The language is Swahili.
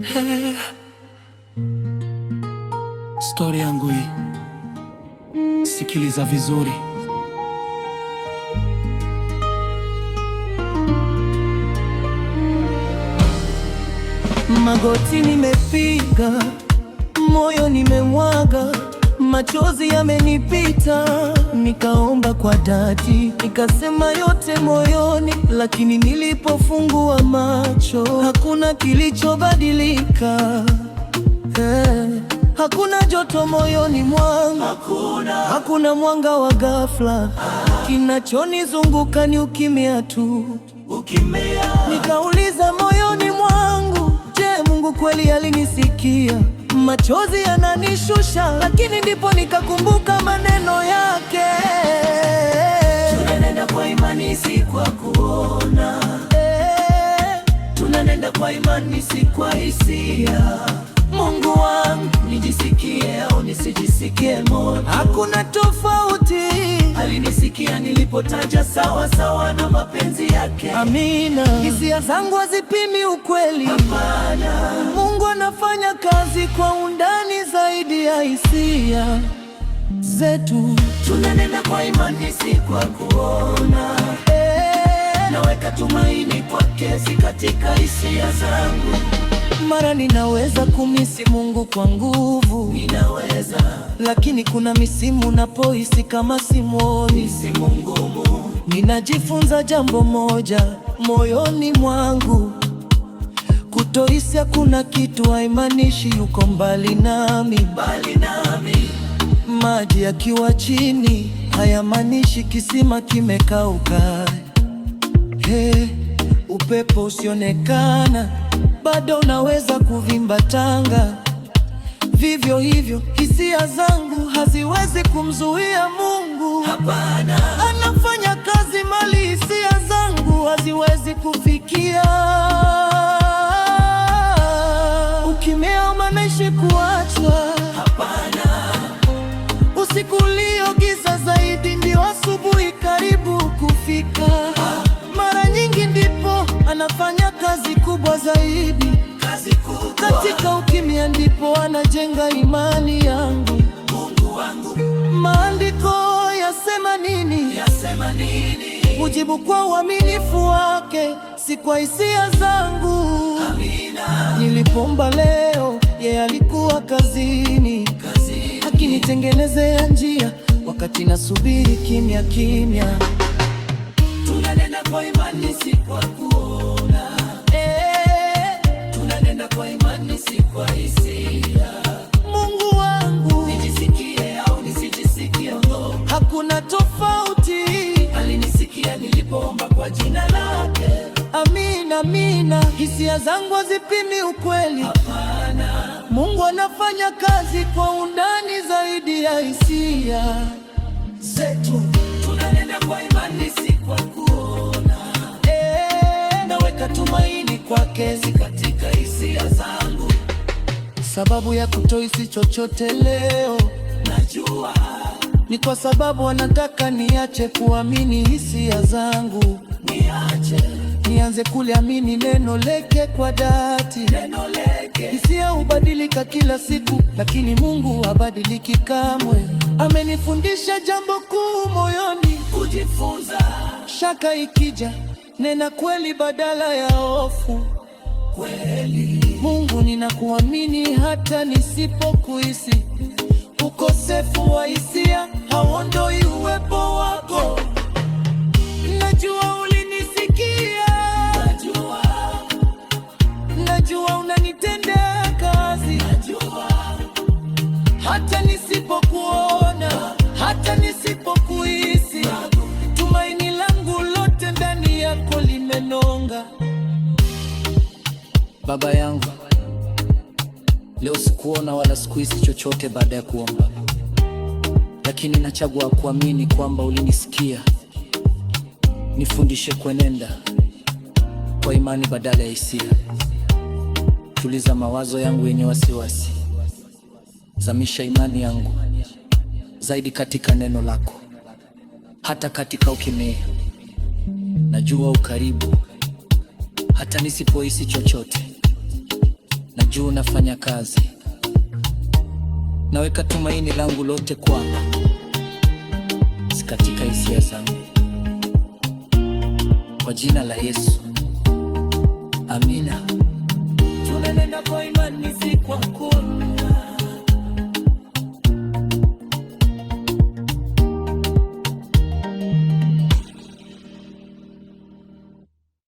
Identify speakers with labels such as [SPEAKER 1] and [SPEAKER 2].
[SPEAKER 1] Story Stori yangu hii, sikiliza vizuri. Magoti nimepiga, moyo nimemwaga machozi yamenipita, nikaomba kwa dhati, nikasema yote moyoni, lakini nilipofungua macho hakuna kilichobadilika. Hey, eh, hakuna joto moyoni mwangu,
[SPEAKER 2] hakuna,
[SPEAKER 1] hakuna mwanga wa ghafla. Ah, kinachonizunguka ni ukimya tu,
[SPEAKER 2] ukimya.
[SPEAKER 1] Nikauliza moyoni mwangu, je, Mungu kweli alinisikia? machozi yananishusha, lakini ndipo nikakumbuka maneno yake,
[SPEAKER 2] tunanenda kwa imani, si kwa kuona eh. Tunanenda kwa imani, si kwa hisia
[SPEAKER 1] Mungu wangu,
[SPEAKER 2] nijisikie au nisijisikie moto,
[SPEAKER 1] hakuna tofauti.
[SPEAKER 2] Alinisikia nilipotaja sawa sawa na mapenzi yake.
[SPEAKER 1] Amina. Hisia zangu hazipimi ukweli.
[SPEAKER 2] Hapana.
[SPEAKER 1] Mungu anafanya kazi kwa undani zaidi ya hisia zetu.
[SPEAKER 2] Tunanena kwa imani, si kwa kuona eh. Naweka tumaini kwake, si katika hisia zangu.
[SPEAKER 1] Mara ninaweza kumisi Mungu kwa nguvu,
[SPEAKER 2] ninaweza
[SPEAKER 1] lakini kuna misimu unapohisi kama simwoni,
[SPEAKER 2] misimu ngumu.
[SPEAKER 1] Ninajifunza jambo moja moyoni mwangu, kutohisi hakuna kitu haimaanishi yuko mbali nami,
[SPEAKER 2] mbali nami.
[SPEAKER 1] Maji yakiwa chini hayamaanishi kisima kimekauka. Hey, upepo usionekana bado unaweza kuvimba tanga. Vivyo hivyo hisia zangu haziwezi kumzuia Mungu.
[SPEAKER 2] Hapana,
[SPEAKER 1] anafanya kazi mali hisia zangu haziwezi kufikia. ukimea manaishi kuachwa.
[SPEAKER 2] Hapana,
[SPEAKER 1] usiku giza zaidi ndio asubuhi karibu kufika. Mara nyingi ndipo anafanya kazi kubwa zaidi. Katika ukimya ndipo anajenga imani yangu.
[SPEAKER 2] Mungu wangu,
[SPEAKER 1] maandiko yasema nini?
[SPEAKER 2] Yasema nini?
[SPEAKER 1] Ujibu kwa uaminifu wake, si kwa hisia zangu.
[SPEAKER 2] Amina.
[SPEAKER 1] Nilipomba leo, yeye alikuwa kazini,
[SPEAKER 2] kazini,
[SPEAKER 1] akinitengenezea njia wakati nasubiri kimya kimya.
[SPEAKER 2] Tunanena kwa imani, si kwa kwa hisia.
[SPEAKER 1] Mungu Amina, Hisia zangu hazipimi ukweli.
[SPEAKER 2] Hapana.
[SPEAKER 1] Mungu anafanya kazi kwa undani zaidi ya hisia zetu.
[SPEAKER 2] Tunanena kwa imani, si kwa kuona. Eh. naweka tumaini kwake katika hisia zangu
[SPEAKER 1] sababu ya kutoisi chochote leo,
[SPEAKER 2] najua
[SPEAKER 1] ni kwa sababu anataka niache kuamini hisia zangu,
[SPEAKER 2] niache
[SPEAKER 1] nianze kuliamini neno leke kwa dhati.
[SPEAKER 2] Neno leke,
[SPEAKER 1] hisia hubadilika kila siku, lakini Mungu habadiliki kamwe. Amenifundisha jambo kuu moyoni,
[SPEAKER 2] kujifunza.
[SPEAKER 1] Shaka ikija, nena kweli badala ya hofu,
[SPEAKER 2] kweli
[SPEAKER 1] ninakuamini hata nisipokuhisi. Ukosefu wa hisia hauondoi uwepo wako. Najua ulinisikia, najua, najua unanitendea kazi,
[SPEAKER 2] najua,
[SPEAKER 1] hata nisipokuona, hata nisipokuhisi. Tumaini langu lote ndani yako limenonga,
[SPEAKER 3] Baba yangu Leo sikuona wala sikuhisi chochote baada ya kuomba, lakini nachagua kuamini kwamba ulinisikia. Nifundishe kwenenda kwa imani badala ya hisia. Tuliza mawazo yangu yenye wasiwasi, zamisha imani yangu zaidi katika neno lako, hata katika ukimya. Najua ukaribu hata nisipohisi chochote juu nafanya kazi, naweka tumaini langu lote kwako, si katika hisia zangu. Kwa jina la Yesu, amina. Tunanena kwa imani.